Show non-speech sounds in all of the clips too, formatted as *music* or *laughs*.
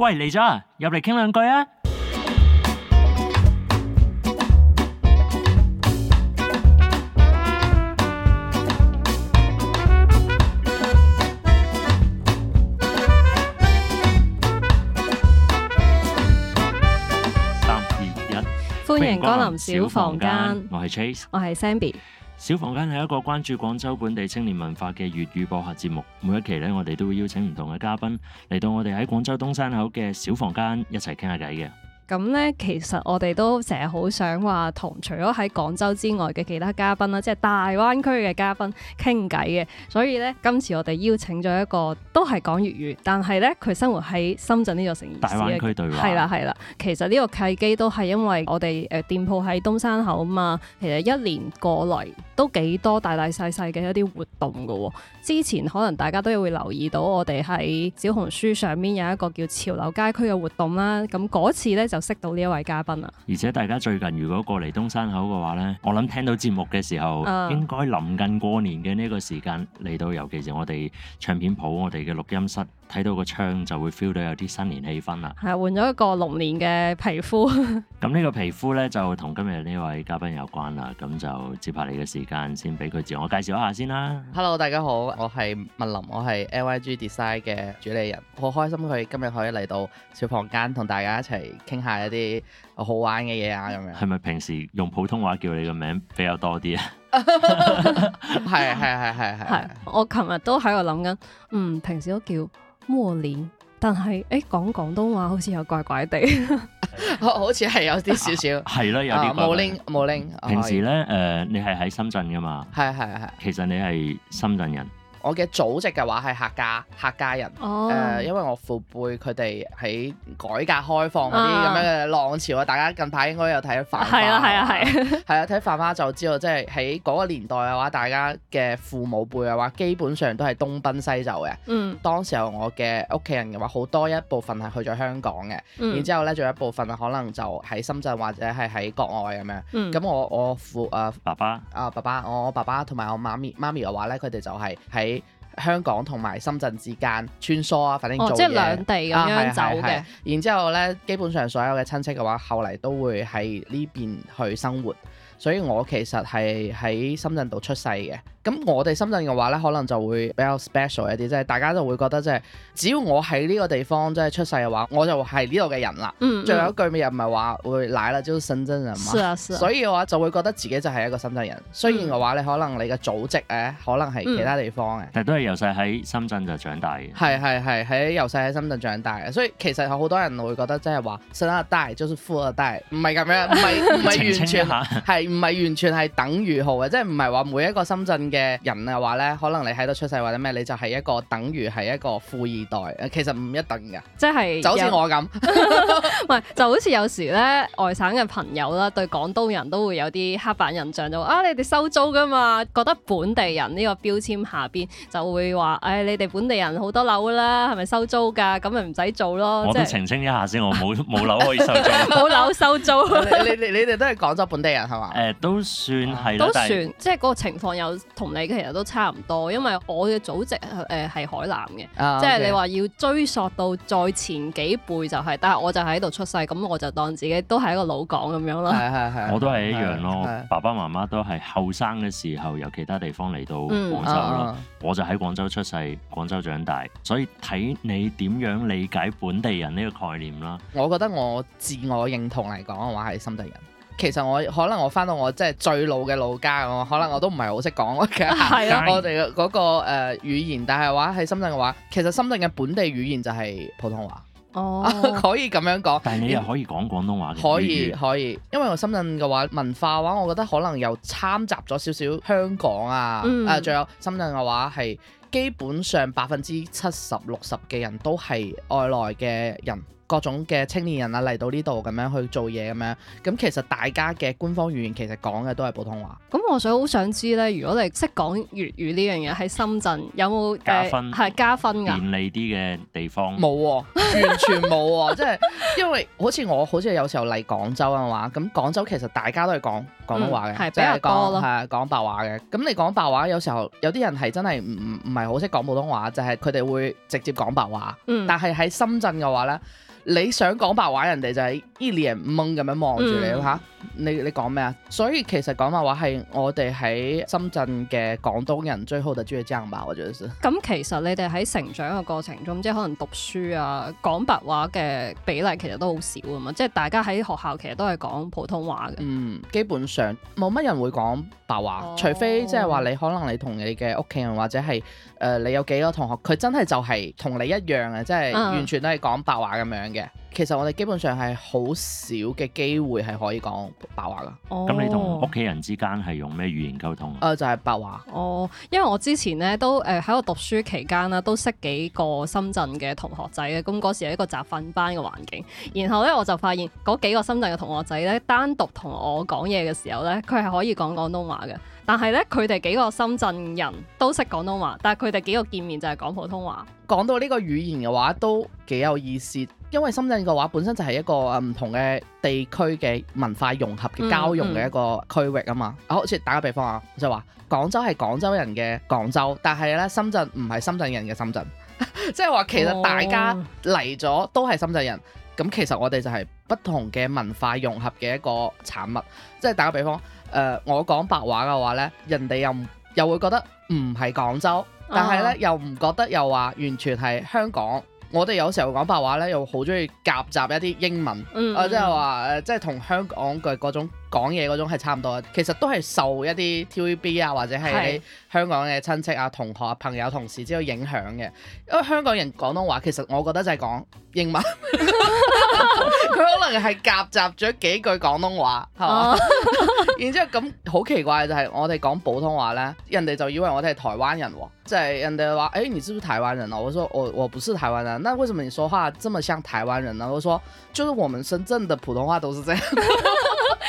喂，嚟咗啊，入嚟傾兩句啊！三二一，歡迎光臨小房間。我係 Trace，我係 Zenbi。小房間係一個關注廣州本地青年文化嘅粵語播客節目，每一期呢，我哋都會邀請唔同嘅嘉賓嚟到我哋喺廣州東山口嘅小房間一齊傾下偈嘅。咁咧，其實我哋都成日好想話同除咗喺廣州之外嘅其他嘉賓啦，即係大灣區嘅嘉賓傾偈嘅。所以咧，今次我哋邀請咗一個都係講粵語，但係咧佢生活喺深圳呢座城市。大灣區對話。係啦係啦，其實呢個契機都係因為我哋誒店鋪喺東山口嘛，其實一年過嚟都幾多大大細細嘅一啲活動嘅、哦。之前可能大家都有會留意到，我哋喺小紅書上面有一個叫潮流街區嘅活動啦。咁嗰次咧就識到呢一位嘉賓啊！而且大家最近如果過嚟東山口嘅話咧，我諗聽到節目嘅時候，uh. 應該臨近過年嘅呢個時間嚟到，尤其是我哋唱片鋪、我哋嘅錄音室。睇到個窗就會 feel 到有啲新年氣氛啦。係換咗一個龍年嘅皮膚 *laughs* komm salary. *laughs* 咁呢個皮膚呢，就同今日呢位嘉賓有關啦。咁就接下嚟嘅時間，先俾佢自我介紹一下先啦。Hello，Hi，大家好，我係墨霖，我係 NYG Design 嘅主理人。好開心佢今日可以嚟到小房間同大家一齊傾下一啲好玩嘅嘢啊！咁樣係咪平時用普通話叫你個名比較多啲啊？係係係係係。我琴日都喺度諗緊，嗯，平時都叫。墨霖但係，誒，講廣東話好似又怪怪地 *laughs* *laughs* ，好似係有啲少少。係啦、啊，有啲冇 link，冇 link。平時咧，誒、哦呃，你係喺深圳噶嘛？係啊，係係。係其實你係深圳人。我嘅祖籍嘅話係客家客家人，誒、哦呃，因為我父輩佢哋喺改革開放嗰啲咁樣嘅浪潮啊，大家近排應該有睇《繁花》，係啊係啊係啊，係啊睇《繁、啊啊、花》就知道，即係喺嗰個年代嘅話，大家嘅父母輩嘅話，基本上都係東奔西走嘅。嗯，當時候我嘅屋企人嘅話，好多一部分係去咗香港嘅，嗯、然之後咧，仲有一部分可能就喺深圳或者係喺國外咁樣。咁、嗯、我我父誒、啊、爸爸啊爸爸，我爸爸同埋我媽咪媽咪嘅話咧，佢哋就係喺香港同埋深圳之間穿梭啊，反正做即係兩地咁樣走嘅。然之後咧，基本上所有嘅親戚嘅話，後嚟都會喺呢邊去生活。所以我其實係喺深圳度出世嘅，咁我哋深圳嘅話呢，可能就會比較 special 一啲，即係大家就會覺得即係只要我喺呢個地方即係出世嘅話，我就係呢度嘅人啦。嗯嗯、最後一句咪又唔係話會奶啦，即係深圳人嘛。啊啊、所以嘅話就會覺得自己就係一個深圳人，雖然嘅話你可能你嘅祖籍咧可能係其他地方嘅，但都係由細喺深圳就長大嘅。係係係喺由細喺深圳長大，嘅。所以其實好多人會覺得即係話新一代就是富二代，唔係咁樣，唔係唔係完全係。 *laughs* *laughs* 唔係完全係等於號嘅，即係唔係話每一個深圳嘅人嘅話咧，可能你喺度出世或者咩，你就係一個等於係一個富二代，其實唔一定嘅。即係就， *laughs* *laughs* 就好似我咁，唔係就好似有時咧，外省嘅朋友啦，對廣東人都會有啲刻板印象，就話啊，你哋收租㗎嘛，覺得本地人呢個標籤下邊就會話，唉、哎，你哋本地人好多樓啦，係咪收租㗎？咁咪唔使做咯。我都澄清一下 *laughs* 先，我冇冇樓可以收租，冇 *laughs* 樓收租 *laughs* *laughs* 你。你你你哋都係廣州本地人係嘛？誒都算係，都算即係嗰個情況又同你其實都差唔多，因為我嘅祖籍誒係、呃、海南嘅，啊、即係你話要追溯到再前幾輩就係、係，得。我就喺度出世，咁我就當自己都係一個老廣咁樣咯。係係係。啊啊啊啊、我都係一樣咯，爸爸媽媽都係後生嘅時候由其他地方嚟到廣州咯，嗯啊啊、我就喺廣州出世、廣州長大，所以睇你點樣理解本地人呢個概念啦。我覺得我自我認同嚟講嘅話係深圳人。其實我可能我翻到我即係最老嘅老家，我可能我都唔係好識講嘅，的我哋嘅嗰個誒語言。但係話喺深圳嘅話，其實深圳嘅本地語言就係普通話，哦啊、可以咁樣講。但係你又可以講廣東話、嗯、可以可以，因為我深圳嘅話文化嘅話，我覺得可能又摻雜咗少少香港啊，誒、嗯，仲、啊、有深圳嘅話係基本上百分之七十六十嘅人都係外來嘅人。各種嘅青年人啊嚟到呢度咁樣去做嘢咁樣，咁其實大家嘅官方語言其實講嘅都係普通話。咁我想好想知呢，如果你識講粵語呢樣嘢，喺深圳有冇加分？係、呃、加分嘅便利啲嘅地方冇喎，完全冇喎，即係 *laughs* 因為好似我好似有時候嚟廣州嘅話，咁廣州其實大家都係講廣東話嘅，係比較講係講白話嘅。咁你講白話有時候有啲人係真係唔唔唔係好識講普通話，就係佢哋會直接講白話。但係喺深圳嘅話呢。你想講白話，人哋就係依臉懵咁樣望住你嚇、嗯，你你講咩啊？所以其實講白話係我哋喺深圳嘅廣東人最後嘅倔強吧，我覺得係。咁其實你哋喺成長嘅過程中，即係可能讀書啊、講白話嘅比例其實都好少啊嘛，即係大家喺學校其實都係講普通話嘅。嗯，基本上冇乜人會講白話，哦、除非即係話你可能你同你嘅屋企人或者係。誒、呃，你有幾多同學？佢真係就係同你一樣嘅，即係完全都係講白話咁樣嘅。其實我哋基本上係好少嘅機會係可以講白話噶。咁你同屋企人之間係用咩語言溝通啊？就係、係、白話。哦，因為我之前咧都誒喺度讀書期間啦，都識幾個深圳嘅同學仔嘅。咁嗰時係一個集訓班嘅環境，然後咧我就發現嗰幾個深圳嘅同學仔咧，單獨同我講嘢嘅時候咧，佢係可以講,講廣東話嘅。但係咧，佢哋幾個深圳人都識廣東話，但係佢哋幾個見面就係講普通話。講到呢個語言嘅話，都幾有意思，因為深圳嘅話本身就係一個嗯嗯、唔同嘅地區嘅文化融合嘅交融嘅一個區域啊嘛。嗯、好似打個比方啊，就話、是、廣州係廣州人嘅廣州，但係咧深圳唔係深圳人嘅深圳，即係話其實大家嚟咗都係深圳人，咁、哦、其實我哋就係不同嘅文化融合嘅一個產物，即係打個比方。誒、uh，我講白話嘅話呢，人哋又又會覺得唔係廣州，但係呢、oh。又唔覺得又話完全係香港。我哋有時候講白話呢，又好鍾意夾雜一啲英文，啊即係話誒即係同香港嘅嗰種。講嘢嗰種係差唔多，其實都係受一啲 TVB 啊或者係香港嘅親戚啊、同學啊、朋友、同事之後影響嘅。因為香港人廣東話其實我覺得就係講英文，佢 *laughs* *laughs* *laughs* 可能係夾雜咗幾句廣東話，係嘛？ *laughs* *laughs* 然之後咁好奇怪就係我哋講普通話呢，人哋就以為我哋係台灣人，即係人哋話：誒，你知唔知台灣人啊？我話：我我不是台灣人。那為什麼你說話這麼像台灣人呢？我話：就是我們深圳的普通話都是這樣。 *laughs* 呢個係真係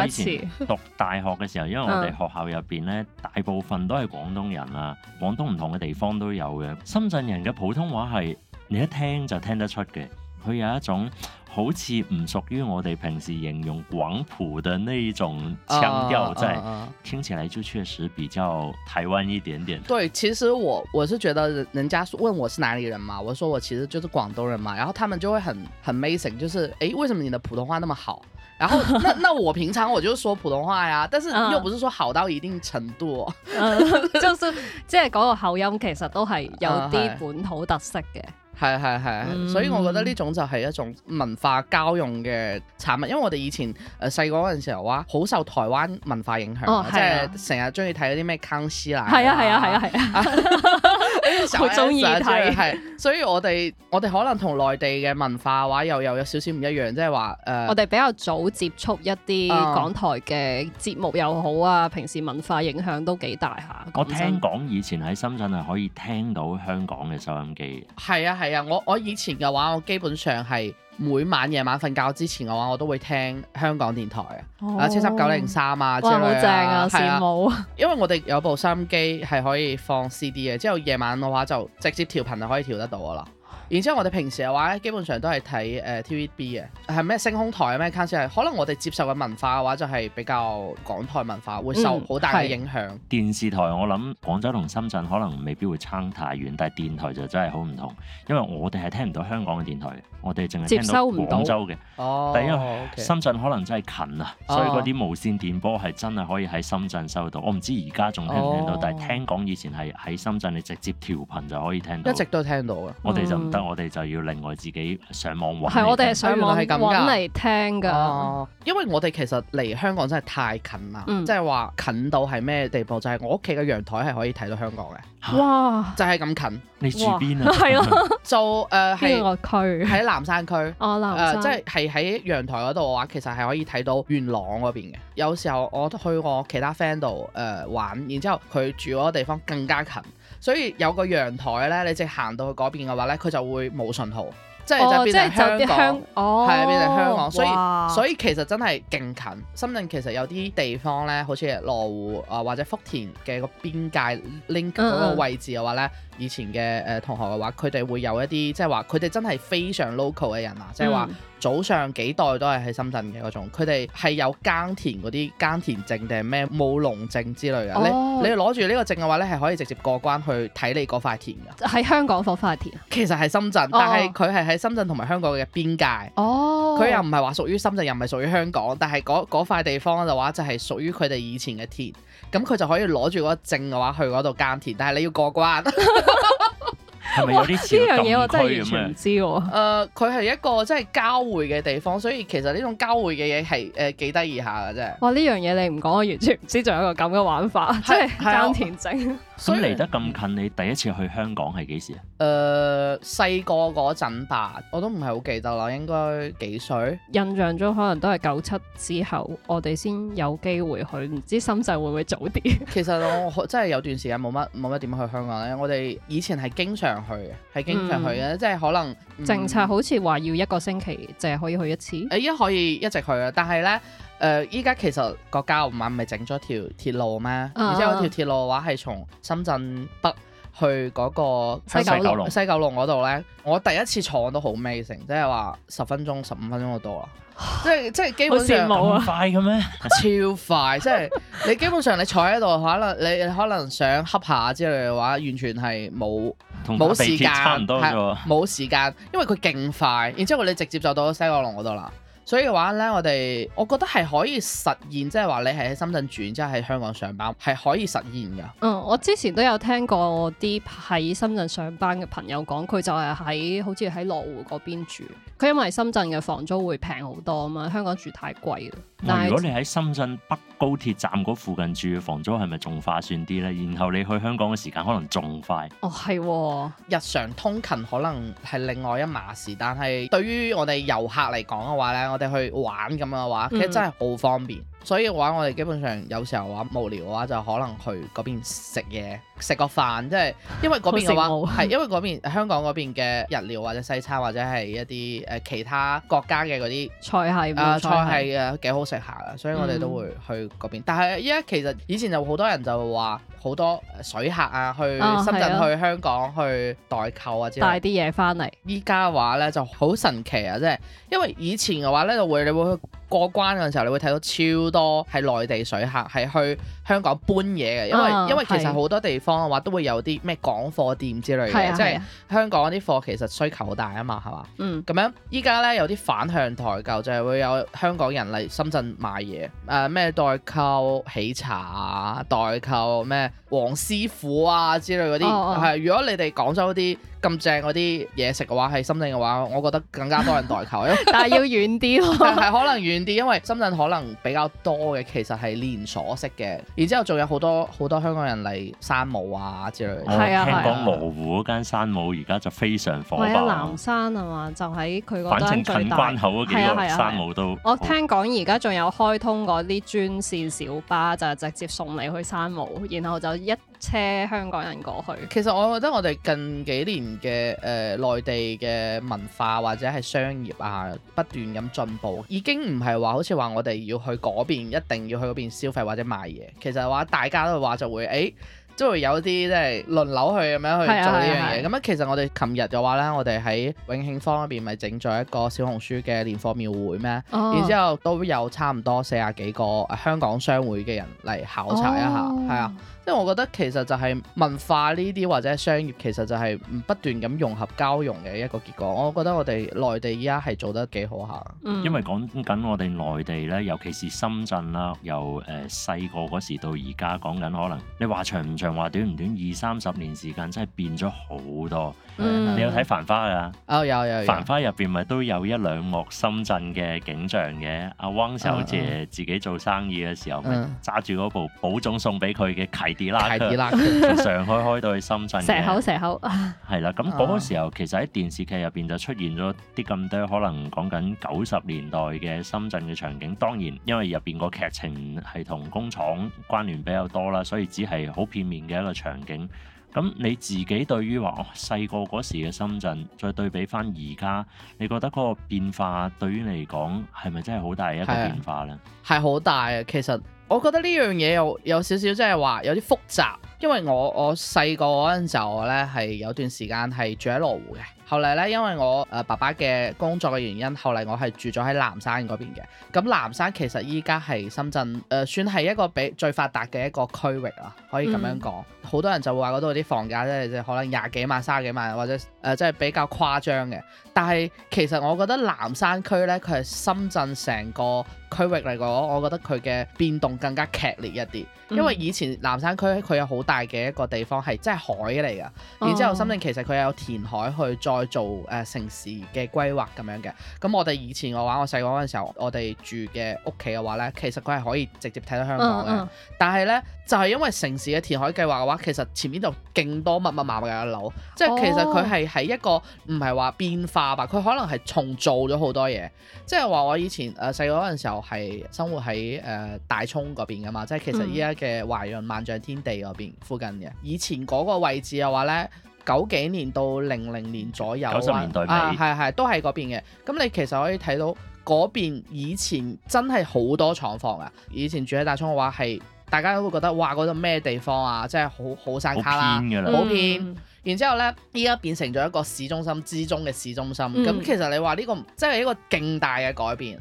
我以前讀大學嘅時候，因為我哋學校入邊咧，大部分都係廣東人啊。廣東唔同嘅地方都有嘅。深圳人嘅普通話係你一聽就聽得出嘅，佢有一種好似唔屬於我哋平時形容廣普嘅呢一種腔調，即係、uh, uh, uh, uh. 聽起來就確實比較台灣一點點。對，其實我我是覺得人人家問我是哪裡人嘛，我說我其實就是廣東人嘛，然後他們就會很很 amazing，就是誒，為什麼你的普通話那麼好？ *laughs* 然後，那那我平常我就是說普通話呀，但是又不是說好到一定程度， *laughs* *laughs* *laughs* 就是即係嗰個口音其實都係有啲本土特色嘅。係係係，所以我覺得呢種就係一種文化交融嘅產物，因為我哋以前誒細個嗰陣時候啊，好受台灣文化影響，即係成日中意睇嗰啲咩康熙啊，係啊係啊係啊係啊，好中意睇，係，所以我哋我哋可能同內地嘅文化話又又有少少唔一樣，即係話誒，我哋比較早接觸一啲港台嘅節目又好啊，平時文化影響都幾大嚇。我聽講以前喺深圳係可以聽到香港嘅收音機，係啊係。係啊，我我以前嘅話，我基本上係每晚夜晚瞓覺之前嘅話，我都會聽香港電台、oh. 啊，啊七七九零三啊，即係好正啊，羨慕啊！的 *laughs* 因為我哋有部收音機係可以放 CD 嘅，之後夜晚嘅話就直接調頻就可以調得到噶啦。然之後，我哋平時嘅話咧，基本上都係睇誒 TVB 嘅，係咩星空台咩 cast 可能我哋接受嘅文化嘅話，就係比較港台文化會受好大嘅影響，嗯。電視台我諗廣州同深圳可能未必會差太遠，但係電台就真係好唔同，因為我哋係聽唔到香港嘅電台，我哋淨係接唔到廣州嘅。哦。第一，深圳可能真係近啊，哦、所以嗰啲無線電波係真係可以喺深圳收到。哦、我唔知而家仲聽唔聽到，但係聽講以前係喺深圳你直接調頻就可以聽到。一直都聽到嘅。我哋就唔。我哋就要另外自己上網玩。係我哋上網係咁嚟聽㗎，uh, 因為我哋其實離香港真係太近啦，即係話近到係咩地步？就係、係、我屋企嘅陽台係可以睇到香港嘅，哇！就係咁近，你住邊啊？係咯哇， *laughs* 就誒喺南區，喺南山區， *laughs* 哦，南山，誒即係係喺陽台嗰度嘅話，其實係可以睇到元朗嗰邊嘅。有時候我去我其他 friend 度誒玩，呃、然之後佢住嗰個地方更加近。所以有個陽台咧，你直行到去嗰邊嘅話咧，佢就會冇信號，即係就變成香港，係啊、哦哦，變成香港。哇所以所以其實真係勁近深圳。其實有啲地方咧，好似羅湖啊、呃、或者福田嘅個邊界 link 嗰個位置嘅話咧。嗯嗯。以前嘅誒、呃、同學嘅話，佢哋會有一啲即係話，佢哋真係非常 local 嘅人啊！即係話早上幾代都係喺深圳嘅嗰種，佢哋係有耕田嗰啲耕田證定係咩務農證之類嘅、哦。你你攞住呢個證嘅話咧，係可以直接過關去睇你嗰塊田㗎。喺香港放翻嘅田，其實係深圳，但係佢係喺深圳同埋香港嘅邊界。哦，佢又唔係話屬於深圳，又唔係屬於香港，但係嗰塊地方嘅話就係屬於佢哋以前嘅田。咁佢就可以攞住嗰個證嘅話去嗰度耕田，但係你要過關。 *laughs* 係咪有啲？呢樣嘢我真係完全唔知喎、啊。佢係、呃、一個即係交匯嘅地方，所以其實呢種交匯嘅嘢係誒幾得意下嘅啫。呃、哇！呢樣嘢你唔講，我完全唔知，仲有一個咁嘅玩法，即係耕田正。 *laughs* 所以離得咁近，你第一次去香港係幾時啊？誒細個嗰陣吧，我都唔係好記得啦，應該幾歲？印象中可能都係九七之後，我哋先有機會去，唔知深圳會唔會早啲？其實我真係有段時間冇乜冇乜點去香港咧。我哋以前係經常去嘅，係經常去嘅，即係、嗯、可能、嗯、政策好似話要一個星期淨係可以去一次。誒依家可以一直去啊，但係咧。誒，依家、呃、其實國家唔係咪整咗條鐵路咩？啊、而且嗰條鐵路嘅話係從深圳北去嗰個西九龍。西九龍嗰度咧，我第一次坐都好 amazing，即係話十分鐘、十五分鐘就到、是、啦。即係即係基本上啊，快嘅咩？超快，快 *laughs* 即係你基本上你坐喺度，可能你可能想恰下之類嘅話，完全係冇冇時間，冇時間，因為佢勁快，然之後你直接就到西九龍嗰度啦。所以嘅話呢，我哋我覺得係可以實現，即係話你係喺深圳住，然之後喺香港上班，係可以實現㗎。嗯，我之前都有聽過啲喺深圳上班嘅朋友講，佢就係喺好似喺羅湖嗰邊住，佢因為深圳嘅房租會平好多啊嘛，香港住太貴啦。Nice. 如果你喺深圳北高鐵站嗰附近住，房租係咪仲划算啲呢？然後你去香港嘅時間可能仲快哦，係、哦、日常通勤可能係另外一碼事，但係對於我哋遊客嚟講嘅話呢，我哋去玩咁樣嘅話，其實真係好方便。Mm hmm. 所以嘅話，我哋基本上有時候嘅話無聊嘅話，就可能去嗰邊食嘢，食個飯，即係因為嗰邊嘅話係服因為嗰邊 *laughs* 香港嗰邊嘅日料或者西餐或者係一啲誒、呃、其他國家嘅嗰啲菜系啊，菜系啊幾好食下嘅，所以我哋都會去嗰邊。嗯、但係依家其實以前就好多人就話好多水客啊，去深圳、去香港、去代購或者帶啲嘢翻嚟。依家嘅話咧就好神奇啊！即係因為以前嘅話咧就會你會。過關嘅時候，你會睇到超多係內地水客係去香港搬嘢嘅，因為、啊、因為其實好多地方嘅話都會有啲咩港貨店之類嘅，啊、即係香港啲貨其實需求大啊嘛，係嘛？嗯，咁樣依家咧有啲反向代購就係、是、會有香港人嚟深圳買嘢，誒、呃、咩代購喜茶、代購咩黃師傅啊之類嗰啲，係、哦哦、如果你哋廣州啲。咁正嗰啲嘢食嘅話，喺深圳嘅話，我覺得更加多人代購。 *laughs* 但係要遠啲，係 *laughs* 可能遠啲，因為深圳可能比較多嘅，其實係連鎖式嘅。然之後仲有好多好多香港人嚟山姆啊之類嘅。我聽講羅湖嗰間山姆而家就非常火爆。係啊係啊，南山啊嘛，就喺佢嗰間最大。反正近關口嗰幾個山姆都。我聽講。而家仲有開通嗰啲專線小巴，就直接送你去山姆，然後就一。車香港人過去，其實我覺得我哋近幾年嘅誒、呃、內地嘅文化或者係商業啊，不斷咁進步，已經唔係話好似話我哋要去嗰邊一定要去嗰邊消費或者買嘢。其實話大家都話就會誒、欸，都會有啲即係輪流去咁樣去做呢樣嘢。咁啊，啊啊啊其實我哋琴日嘅話咧，我哋喺永慶坊嗰邊咪整咗一個小紅書嘅年貨廟會咩？哦、然之後都有差唔多四十幾個香港商會嘅人嚟考察一下，係、哦、啊。即係我覺得其實就係文化呢啲或者商業其實就係不斷咁融合交融嘅一個結果。我覺得我哋內地依家係做得幾好下。嗯。因為講緊我哋內地咧，尤其是深圳啦，由誒細個嗰時到而家講緊，可能你話長唔長話短唔短，二三十年時間真係變咗好多。嗯。你有睇繁花㗎？哦，有有有。有繁花入邊咪都有一兩幕深圳嘅景象嘅。阿汪小姐自己做生意嘅時候，嗯，咪揸住嗰部寶總送俾佢嘅契地拉，拉 *laughs* 從上海開到去深圳嘅。蛇口蛇口，係 *laughs* 啦。咁嗰個時候其實喺電視劇入邊就出現咗啲咁多，可能講緊九十年代嘅深圳嘅場景。當然因為入邊個劇情係同工廠關聯比較多啦，所以只係好片面嘅一個場景。咁你自己對於話哦細個嗰時嘅深圳，再對比翻而家，你覺得嗰個變化對於你嚟講係咪真係好大一個變化呢？係好大啊，其實。我覺得呢樣嘢有有少少即係話有啲複雜，因為我我細個嗰陣時候咧係有段時間係住喺羅湖嘅，後嚟咧因為我誒、呃、爸爸嘅工作嘅原因，後嚟我係住咗喺南山嗰邊嘅。咁南山其實依家係深圳誒、呃、算係一個比最發達嘅一個區域咯，可以咁樣講。好、嗯、多人就會話嗰度啲房價即係即係可能廿幾萬、三十幾萬或者誒即係比較誇張嘅。但係其實我覺得南山區咧，佢係深圳成個區域嚟講，我覺得佢嘅變動更加劇烈一啲，因為以前南山區佢有好大嘅一個地方係真係海嚟㗎，然、哦、之後甚至其實佢有填海去再做誒、呃、城市嘅規劃咁樣嘅。咁我哋以前嘅話，我細個嗰陣時候，我哋住嘅屋企嘅話咧，其實佢係可以直接睇到香港嘅，哦嗯、但係咧。就係因為城市嘅填海計劃嘅話，其實前面就勁多密密麻麻嘅樓，即係其實佢係喺一個唔係話變化吧，佢可能係重做咗好多嘢。即係話我以前誒細個嗰陣時候係生活喺誒、呃、大沖嗰邊嘅嘛，即係其實依家嘅華潤萬象天地嗰邊附近嘅。以前嗰個位置嘅話咧，九幾年到零零年左右，九十年代啊，係係都喺嗰邊嘅。咁你其實可以睇到嗰邊以前真係好多廠房呀，以前住喺大沖嘅話係。大家都會覺得哇，嗰度咩地方啊，即係好好山卡啦，好偏，偏，嗯、然之後呢，依家變成咗一個市中心之中嘅市中心。咁、嗯、其實你話呢、呢個即係一個勁大嘅改變。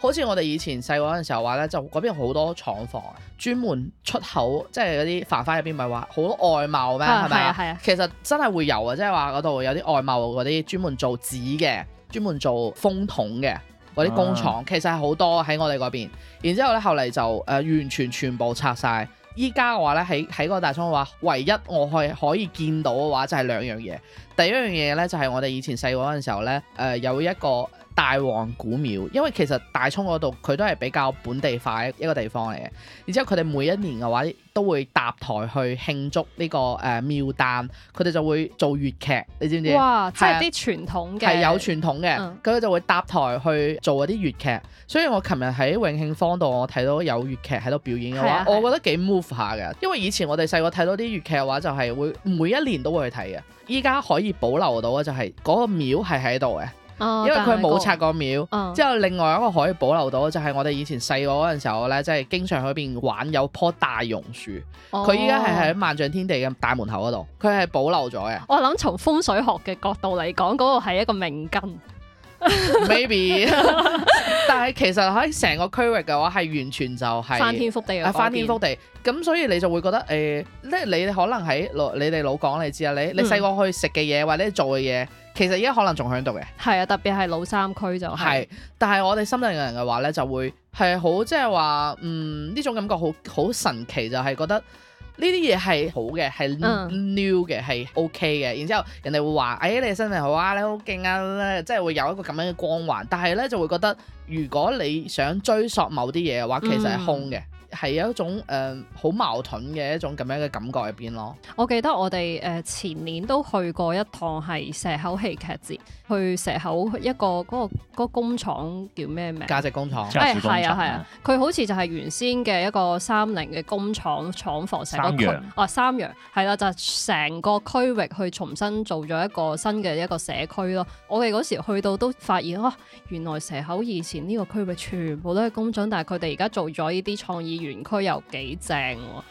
好似我哋以前細個嗰時候話呢，就嗰邊好多廠房啊，專門出口，即係嗰啲繁花入邊咪話好多外貿咩？係咪啊？係啊，係啊，其實真係會有啊，即係話嗰度有啲外貿嗰啲專門做紙嘅，專門做風筒嘅。我嗰啲工廠其實係好多喺我哋嗰邊，然之後咧，後嚟就誒、呃、完全全部拆晒。依家嘅話咧，喺喺嗰個大倉嘅話，唯一我係可，可以見到嘅話就係兩樣嘢。第一樣嘢咧就係、是、我哋以前細個嗰陣時候咧誒、呃、有一個。大王古廟，因為其實大涌嗰度佢都係比較本地化一個地方嚟嘅。然之後佢哋每一年嘅話都會搭台去慶祝呢、這個誒廟誕，佢、呃、哋就會做粵劇，你知唔知啊？哇，即係啲傳統嘅，係有傳統嘅，咁佢、嗯、就會搭台去做啲粵劇。所以我琴日喺永慶坊度，我睇到有粵劇喺度表演嘅話，是啊、是我覺得幾 move 下嘅。因為以前我哋細個睇到啲粵劇嘅話，就係、是、會每一年都會去睇嘅。依家可以保留到嘅，就係嗰個廟係喺度嘅。哦、因為佢冇拆過廟，那個廟，嗯、之後另外一個可以保留到就係我哋以前細個嗰陣時候咧，即、就、係、是、經常去邊玩有棵大榕樹，佢依家係喺萬象天地嘅大門口嗰度，佢係保留咗嘅。我諗從風水學嘅角度嚟講，嗰、那個係一個命根 *laughs* *laughs* Maybe *laughs* 但係其實喺成個區域嘅話，係完全就係、是、翻天覆地、啊、翻天覆地咁，所以你就會覺得誒，即、呃、係你可能喺你哋老港你，你知啊，你你細個去食嘅嘢或者做嘅嘢。其實而家可能仲喺度嘅，係啊，特別係老三區就係、是，但係我哋深圳嘅人嘅話咧，就會係好即係話，嗯呢種感覺好好神奇，就係、是、覺得呢啲嘢係好嘅，係 new 嘅，係 OK 嘅。然之後人哋會話，誒、哎、你哋深圳好啊，你好勁啊咧，即、就、係、是、會有一個咁樣嘅光環。但係咧就會覺得，如果你想追溯某啲嘢嘅話，嗯、其實係空嘅。係有一種誒好、呃、矛盾嘅一種咁樣嘅感覺入邊咯。我記得我哋誒、呃、前年都去過一趟係蛇口戲劇節，去蛇口一個、嗰個個工廠叫咩名？價值工廠。誒係啊，係啊，佢、啊、好似就係原先嘅一個三菱嘅工廠廠房成個區，哦三洋係啦，就成、係、個區域去重新做咗一個新嘅一個社區咯。我哋嗰時去到都發現哦、啊、原來蛇口以前呢個區域全部都係工廠，但係佢哋而家做咗呢啲創意。園區又幾正喎，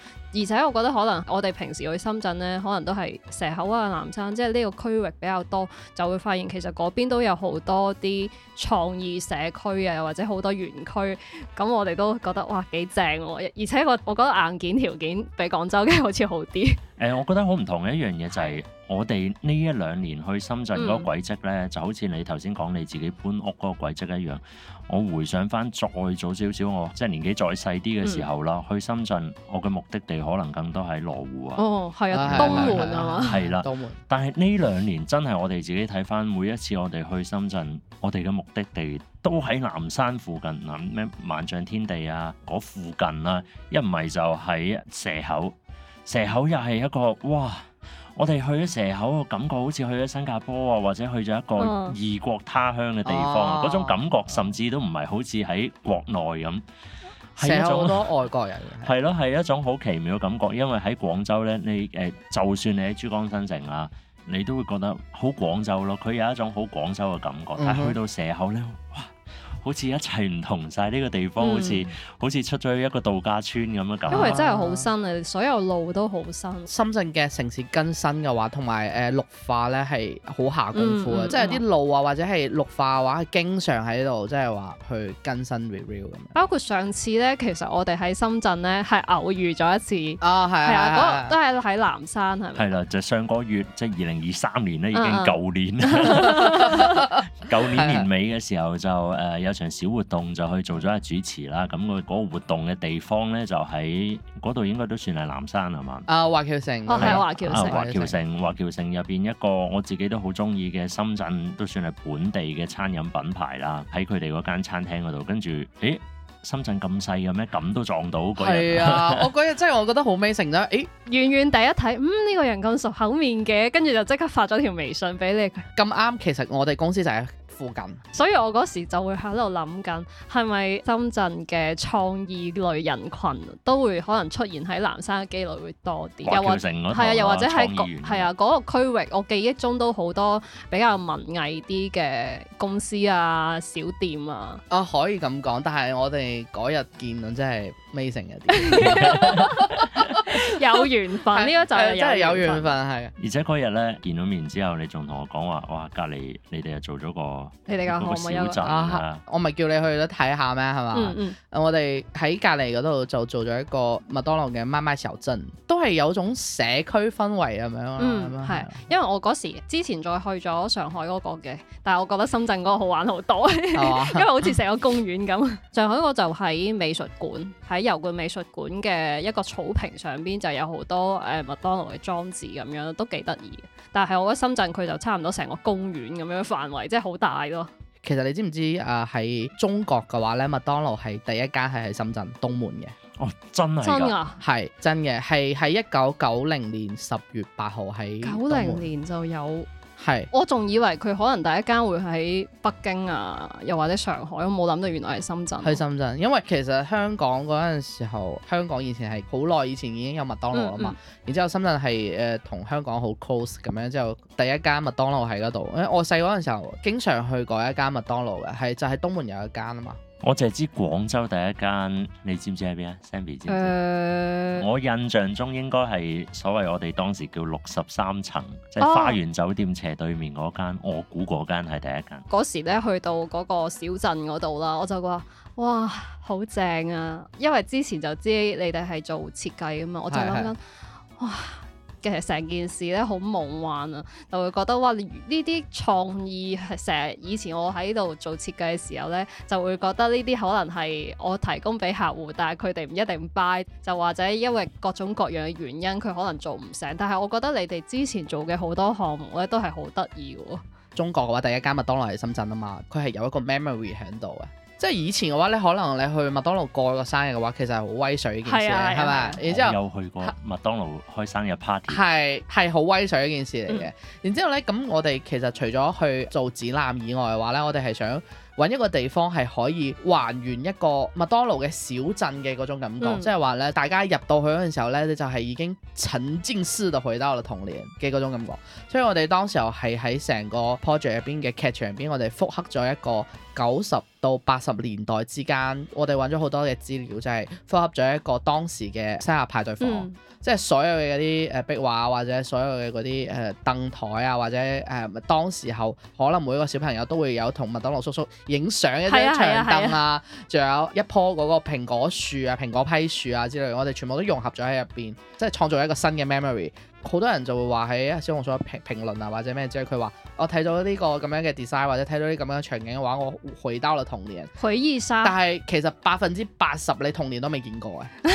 而且我覺得可能我哋平時去深圳呢，可能都係蛇口啊、南山，即係呢個區域比較多，就會發現其實嗰邊都有好多啲創意社區啊，又或者好多園區，咁我哋都覺得哇幾正喎，而且我我覺得硬件條件比廣州嘅好似好啲。誒、呃，我覺得好唔同嘅一樣嘢的就係，我哋呢一兩年去深圳嗰個軌跡咧，嗯、就好似你頭先講你自己搬屋嗰個軌跡一樣。我回想翻，再早少少，我即係年紀再細啲嘅時候啦，嗯、去深圳，我嘅目的地可能更多喺羅湖啊。哦，係啊，東門啊，係啦、啊，東門。但係呢兩年真係我哋自己睇翻，每一次我哋去深圳，我哋嘅目的地都喺南山附近，嗱、啊、咩萬丈天地啊，嗰附近啊，一唔係就喺蛇口。蛇口又係一個哇！我哋去咗蛇口，感覺好似去咗新加坡啊，或者去咗一個異國他鄉嘅地方。嗰、嗯啊、種感覺甚至都唔係好似喺國內咁，係有好多外國人。係咯，係一種好奇妙嘅感覺。因為喺廣州咧，你誒就算你喺珠江新城啊，你都會覺得好廣州咯。佢有一種好廣州嘅感覺，但係去到蛇口咧，哇！好似一切唔同晒呢個地方，好似好似出咗一個度假村咁樣，咁。因為真係好新啊，所有路都好新。深圳嘅城市更新嘅話同埋誒綠化咧係好下功夫啊，即係啲路啊或者係綠化話，經常喺度即係話去更新 review 咁樣。包括上次咧，其實我哋喺深圳咧係偶遇咗一次啊，係係啊，嗰都係喺南山係咪係啦，就上個月即係二零二三年咧，已經舊年舊年年尾嘅時候就誒有。場小活動就去做咗一主持啦，咁佢嗰個活動嘅地方咧就喺嗰度，應該都算係南山係嘛？啊，華僑城，哦係對、啊、華僑城，華僑城華僑城入邊一個我自己都好中意嘅深圳都算係本地嘅餐飲品牌啦，喺佢哋嗰間餐廳嗰度，跟住，誒，深圳咁細嘅咩？咁都撞到？係啊，我嗰日真係我覺得好 Amazing 咧，遠遠第一睇，嗯呢、呢個人咁熟口面嘅，跟住就即刻發咗條微信俾你。咁啱，其實我哋公司就係、係。附近，所以我嗰時就會喺度諗緊，係咪深圳嘅創意類人群都會可能出現喺南山嘅機率會多啲，哇又或係啊，又或者喺嗰係啊嗰、嗰個區域，我記憶中都好多比較文藝啲嘅公司啊、小店啊。啊，可以咁講，但係我哋嗰日見到，即係。有緣分呢個就真係有緣分，係對。而且嗰日咧見到面之後，你仲同我講話，哇！隔離你哋又做咗個，你哋個,個小鎮啦、啊啊，我咪叫你去咧睇下咩，係嘛？嗯嗯、我哋喺隔離嗰度就做咗一個麥當勞嘅麥麥小鎮，都係有種社區氛圍咁樣啦。嗯，吧因為我嗰時之前再去咗上海嗰個嘅，但係我覺得深圳嗰個好玩好多，啊、 *laughs* *laughs* 因為好似成個公園咁。上海嗰個就喺美術館喺。油罐美術館嘅一個草坪上邊就有好多誒麥當勞嘅裝置咁樣，都幾得意。但係我覺得深圳佢就差唔多成個公園咁樣範圍，即係好大咯。其實你知唔知誒喺中國嘅話咧，麥當勞係第一間係喺深圳東門嘅。哦，真係真啊？係真嘅，係喺一九九零年十月八號，喺九零年就有。係，是我仲以為佢可能第一間會喺北京啊，又或者上海，我冇諗到原來係深圳，啊。去深圳，因為其實香港嗰陣時候，香港以前係好耐以前已經有麥當勞啊嘛。嗯嗯、然之後深圳係誒同香港好 close 咁樣，之後第一間麥當勞喺嗰度。因為我細嗰陣時候經常去嗰一間麥當勞嘅，係就係、是、東門有一間啊嘛。我淨係知廣州第一間，你知唔知喺邊啊？Sammy 知唔知？呃、我印象中應該係所謂我哋當時叫六十三層，即、就、係、係、花園酒店斜對面嗰間，哦、我估嗰間係第一間。嗰時咧去到嗰個小鎮嗰度啦，我就話：哇，好正啊！因為之前就知你哋係做設計㗎嘛，我就諗緊：的哇！其實成件事咧好夢幻啊，就會覺得哇！呢啲創意係成日以前我喺度做設計嘅時候咧，就會覺得呢啲可能係我提供俾客戶，但係佢哋唔一定 buy，就或者因為各種各樣嘅原因，佢可能做唔成。但係我覺得你哋之前做嘅好多項目咧，都係好得意喎。中國嘅話，第一間麥當勞喺深圳啊嘛，佢係有一個 memory 喺度嘅。即係以前嘅話，你可能你去麥當勞過一個生日嘅話，其實係好威水嘅件事，係咪、啊啊吧？然之後有去過麥當勞開生日 party，係係好威水一件事嚟嘅。嗯、然之後咧，咁我哋其實除咗去做展覽以外嘅話咧，我哋係想揾一個地方係可以還原一個麥當勞嘅小鎮嘅嗰種感覺，即係話咧，大家入到去嗰陣時候咧，你就係已經曾浸式沉浸式到去到我哋童年嘅嗰種感覺。所以我哋當時候係喺成個 project 入邊嘅劇場入邊，我哋復刻咗一個。九十到八十年代之間，我哋揾咗好多嘅資料，就係、是、複合咗一個當時嘅生日派對房，嗯、即係所有嘅嗰啲誒壁畫，或者所有嘅嗰啲誒燈台啊，或者誒、呃、當時候可能每個小朋友都會有同麥當勞叔叔影相一啲長凳，啊，仲、啊啊啊啊、有一棵嗰個蘋果樹、啊、蘋果批樹啊之類，我哋全部都融合咗喺入邊，即係創造一個新嘅 memory。好多人就會話喺小紅書評評論啊，或者咩之類，佢話我睇到呢個咁樣嘅 design，或者睇到呢咁樣嘅場景嘅話，我回憶到了童年。回憶殺。但係其實百分之八十你童年都未見過嘅。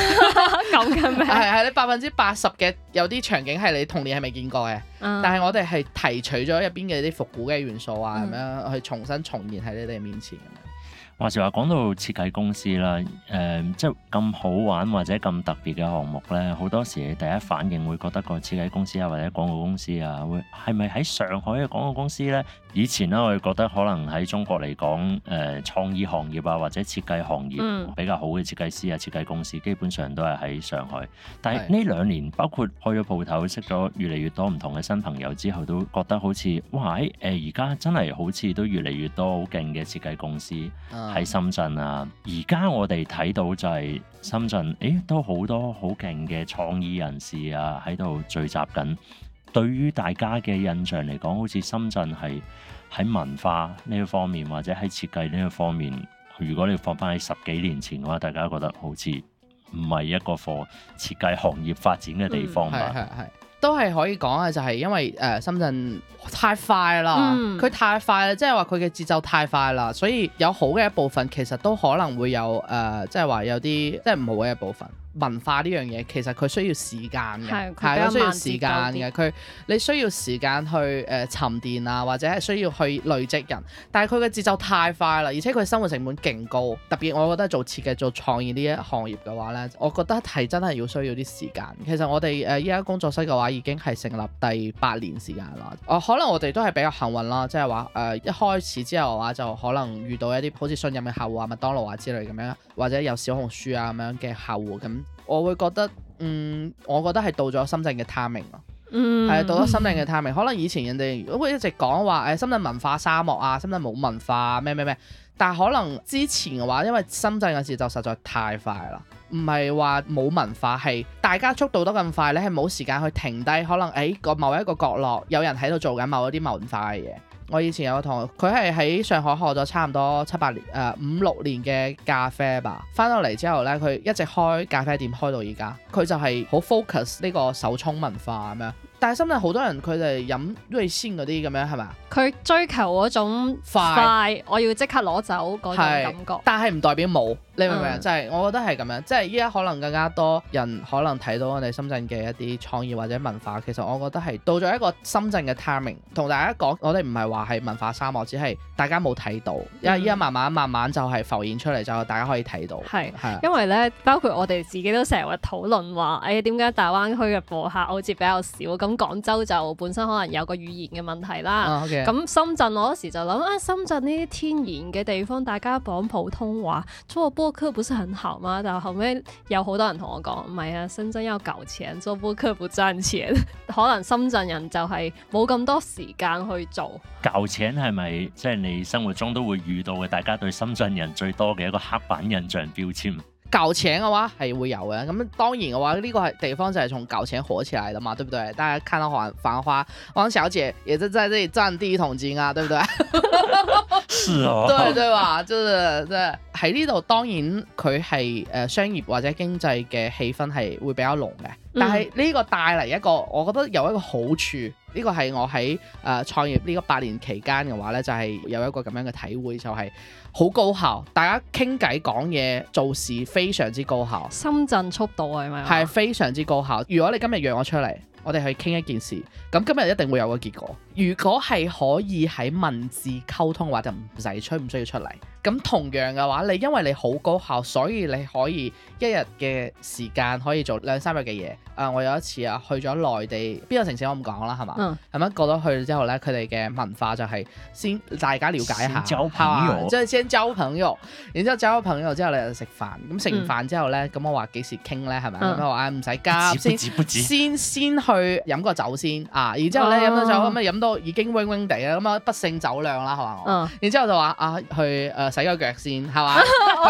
咁嘅咩？係係、 *laughs* 啊，你百分之八十嘅有啲場景係你童年係未見過嘅。嗯、但係我哋係提取咗入邊嘅啲復古嘅元素啊，咁樣、嗯、去重新重現喺你哋面前。話時話講到設計公司啦，誒、呃，即係咁好玩或者咁特別嘅項目咧，好多時第一反應會覺得個設計公司啊，或者廣告公司啊，會係咪喺上海嘅廣告公司呢？以前咧、啊，我哋覺得可能喺中國嚟講，誒、呃，創意行業啊，或者設計行業、嗯、比較好嘅設計師啊、設計公司，基本上都係喺上海。但係呢兩年，是包括開咗鋪頭，識咗越嚟越多唔同嘅新朋友之後，都覺得好似哇，誒、呃，而家真係好似都越嚟越多好勁嘅設計公司。嗯喺深圳啊，而家我哋睇到就係深圳，誒、都好多好勁嘅創意人士啊，喺度聚集緊。對於大家嘅印象嚟講，好似深圳係喺文化呢一方面，或者喺設計呢一方面，如果你放翻喺十幾年前嘅話，大家覺得好似唔係一個課設計行業發展嘅地方嘛。嗯都係可以講嘅，就係因為誒、呃、深圳太快啦，佢太快啦，即係話佢嘅節奏太快啦，所以有好嘅一部分，其實都可能會有誒、呃，即係話有啲即係唔好嘅一部分。文化呢樣嘢其實佢需要時間嘅，係需要時間嘅。佢你需要時間去誒、呃、沉澱啊，或者係需要去累積人。但係佢嘅節奏太快啦，而且佢生活成本勁高。特別我覺得做設計、做創意呢一行業嘅話呢，我覺得係真係要需要啲時間。其實我哋誒依家工作室嘅話已經係成立第八年時間啦。哦、呃，可能我哋都係比較幸運啦，即係話誒一開始之後嘅話就可能遇到一啲好似信任嘅客戶啊、麥當勞啊之類咁樣，或者有小紅書啊咁樣嘅客戶咁。我會覺得，嗯，我覺得係到咗深圳嘅 timing 咯，嗯，係啊，到咗深圳嘅 timing。可能以前人哋如果會一直講話，誒、哎、深圳文化沙漠啊，深圳冇文化啊，咩咩咩，但係可能之前嘅話，因為深圳嘅事就實在太快啦，唔係話冇文化，係大家速度得咁快咧，係冇時間去停低，可能誒個、哎、某一個角落有人喺度做緊某一啲文化嘅嘢。我以前有個同學，佢係喺上海學咗差唔多七八年，誒、呃、五六年嘅咖啡吧。返到嚟之後呢，佢一直開咖啡店，開到而家。佢就係好 focus 呢個手沖文化咁樣。但係深圳好多人佢哋飲瑞仙嗰啲咁樣係咪？佢追求嗰種快，快我要即刻攞走嗰種感覺。但係唔代表冇，你明唔明？嗯、就係我覺得係咁樣，即係依家可能更加多人可能睇到我哋深圳嘅一啲創意或者文化。其實我覺得係到咗一個深圳嘅 timing，同大家講，我哋唔係話係文化沙漠，只係大家冇睇到，嗯、因為依家慢慢慢慢就係浮現出嚟，就是、大家可以睇到。係，因為咧，包括我哋自己都成日討論話，誒點解大灣區嘅播客好似比較少咁？廣州就本身可能有個語言嘅問題啦。咁、oh, okay. 嗯、深圳我嗰時就諗啊，深圳呢啲天然嘅地方，大家講普通話做播客不是很好嗎？但後尾有好多人同我講，唔係啊，深圳有搞錢做播客不賺錢， *laughs* 可能深圳人就係冇咁多時間去做。搞錢係咪即係你生活中都會遇到嘅？大家對深圳人最多嘅一個刻板印象標籤？搞錢嘅話係會有嘅，咁當然嘅話呢、呢個係地方就係從搞錢火起嚟嘅嘛，對唔對？大家看到繁花、華，汪小姐亦都喺呢度爭地同錢啊，對不對？是哦，對對吧？就是即係喺呢度，就是、當然佢係誒商業或者經濟嘅氣氛係會比較濃嘅，但係呢個帶嚟一個，我覺得有一個好處，呢、呢個係我喺誒創業呢個八年期間嘅話咧，就係有一個咁樣嘅體會，就係、是。好高效，大家傾偈講嘢做事非常之高效。深圳速度啊，係咪？係非常之高效。如果你今日約我出嚟。我哋去傾一件事，咁今日一定會有個結果。如果係可以喺文字溝通嘅話，就唔使出，唔需要出嚟。咁同樣嘅話，你因為你好高效，所以你可以一日嘅時間可以做兩三日嘅嘢。誒、呃，我有一次啊，去咗內地邊個城市我唔講啦，係嘛？係咪、嗯、過咗去之後咧，佢哋嘅文化就係、是、先大家了解一下，即係先交朋友。然之後交咗朋友之後，你又食飯。咁食完飯之後咧，咁、嗯嗯嗯、我話幾時傾咧？係咪？咁我話唔使急，先先先，先去。先去先去去飲個酒先啊，然之後咧飲咗酒，咁啊飲到已經嗡嗡地啊，咁啊不勝酒量啦，係嘛？Oh. 然之後就話啊，去誒、呃、洗個腳先，係嘛？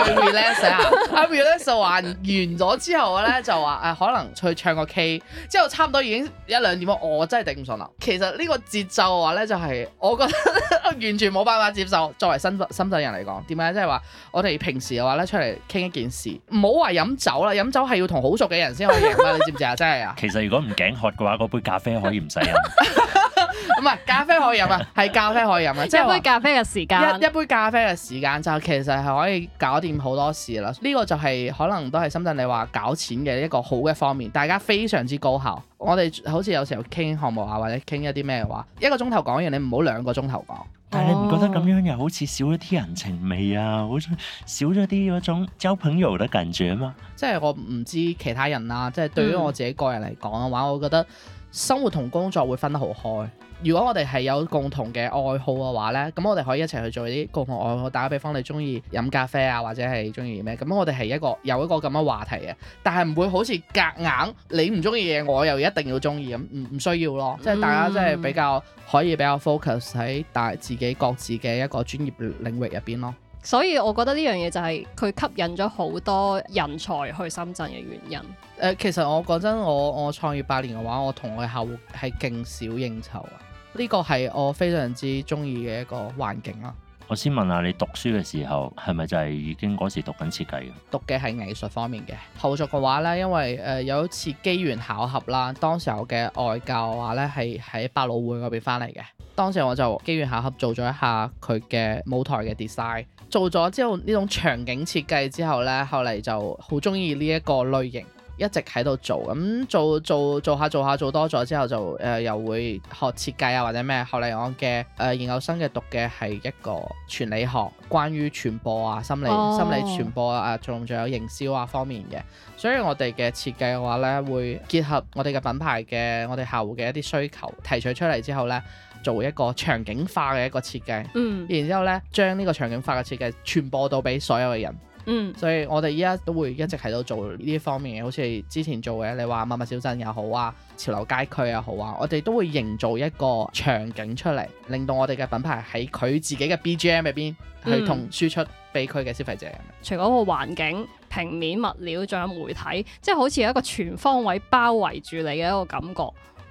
去 relax *laughs* 啊。」阿 relax 話完咗之後咧，就話誒可能去唱個 K，之後差唔多已經一兩點，我真係頂唔順啦。其實呢個節奏嘅話咧，就係我覺得 *laughs* 完全冇辦法接受。作為深深圳人嚟講，點解？即係話我哋平時嘅話咧，出嚟傾一件事，唔好話飲酒啦，飲酒係要同好熟嘅人先可以飲啦，你知唔知啊？真係啊。其實如果唔頸渴嘅話，嗰杯咖啡可以唔使飲，唔 *laughs* 係 *laughs* 咖啡可以飲啊，係咖啡可以飲啊，即係 *laughs* 一杯咖啡嘅時間一，一杯咖啡嘅時間就其實係可以搞掂好多事啦。呢、這個就係、是、可能都係深圳你話搞錢嘅一個好嘅方面，大家非常之高效。我哋好似有時候傾項目啊，或者傾一啲咩嘅話，一個鐘頭講完，你唔好兩個鐘頭講。但係你唔覺得咁樣又好似少咗啲人情味啊？好似少咗啲嗰種交朋友嘅感覺嗎？即係我唔知其他人啦、啊，即係對於我自己個人嚟講嘅話，嗯、我覺得生活同工作會分得好開。如果我哋係有共同嘅愛好嘅話呢，咁我哋可以一齊去做啲共同愛好。打個比方，你中意飲咖啡啊，或者係中意咩？咁我哋係一個有一個咁嘅話題嘅，但係唔會好似夾硬，硬你唔中意嘢，我又一定要中意咁，唔唔需要咯。即係大家即係比較可以比較 focus 喺大自己各自嘅一個專業領域入邊咯。所以我覺得呢樣嘢就係佢吸引咗好多人才去深圳嘅原因。誒、呃，其實我講真，我我創業八年嘅話，我同我嘅客戶係勁少應酬啊。呢個係我非常之中意嘅一個環境啦。我先問下你讀書嘅時候係咪就係已經嗰時讀緊設計嘅？讀嘅係藝術方面嘅。後續嘅話呢，因為誒、呃、有一次機緣巧合啦，當時候嘅外教嘅話呢係喺百老匯嗰邊翻嚟嘅。當時我就機緣巧合做咗一下佢嘅舞台嘅 design，做咗之後呢種場景設計之後呢，後嚟就好中意呢一個類型。一直喺度做，咁、嗯、做做做下做下做多咗之後就誒、呃、又會學設計啊或者咩，後嚟我嘅誒研究生嘅讀嘅係一個傳理學，關於傳播啊心理、哦、心理傳播啊，仲仲有營銷啊方面嘅，所以我哋嘅設計嘅話咧會結合我哋嘅品牌嘅我哋客戶嘅一啲需求提取出嚟之後咧，做一個場景化嘅一個設計，嗯，然之後咧將呢個場景化嘅設計傳播到俾所有嘅人。嗯，所以我哋依家都會一直喺度做呢一方面嘅，好似之前做嘅，你話麥當勞小鎮又好啊，潮流街區又好啊，我哋都會營造一個場景出嚟，令到我哋嘅品牌喺佢自己嘅 BGM 入邊去同輸出俾佢嘅消費者。嗯嗯、除咗個環境、平面物料，仲有媒體，即係好似一個全方位包圍住你嘅一個感覺。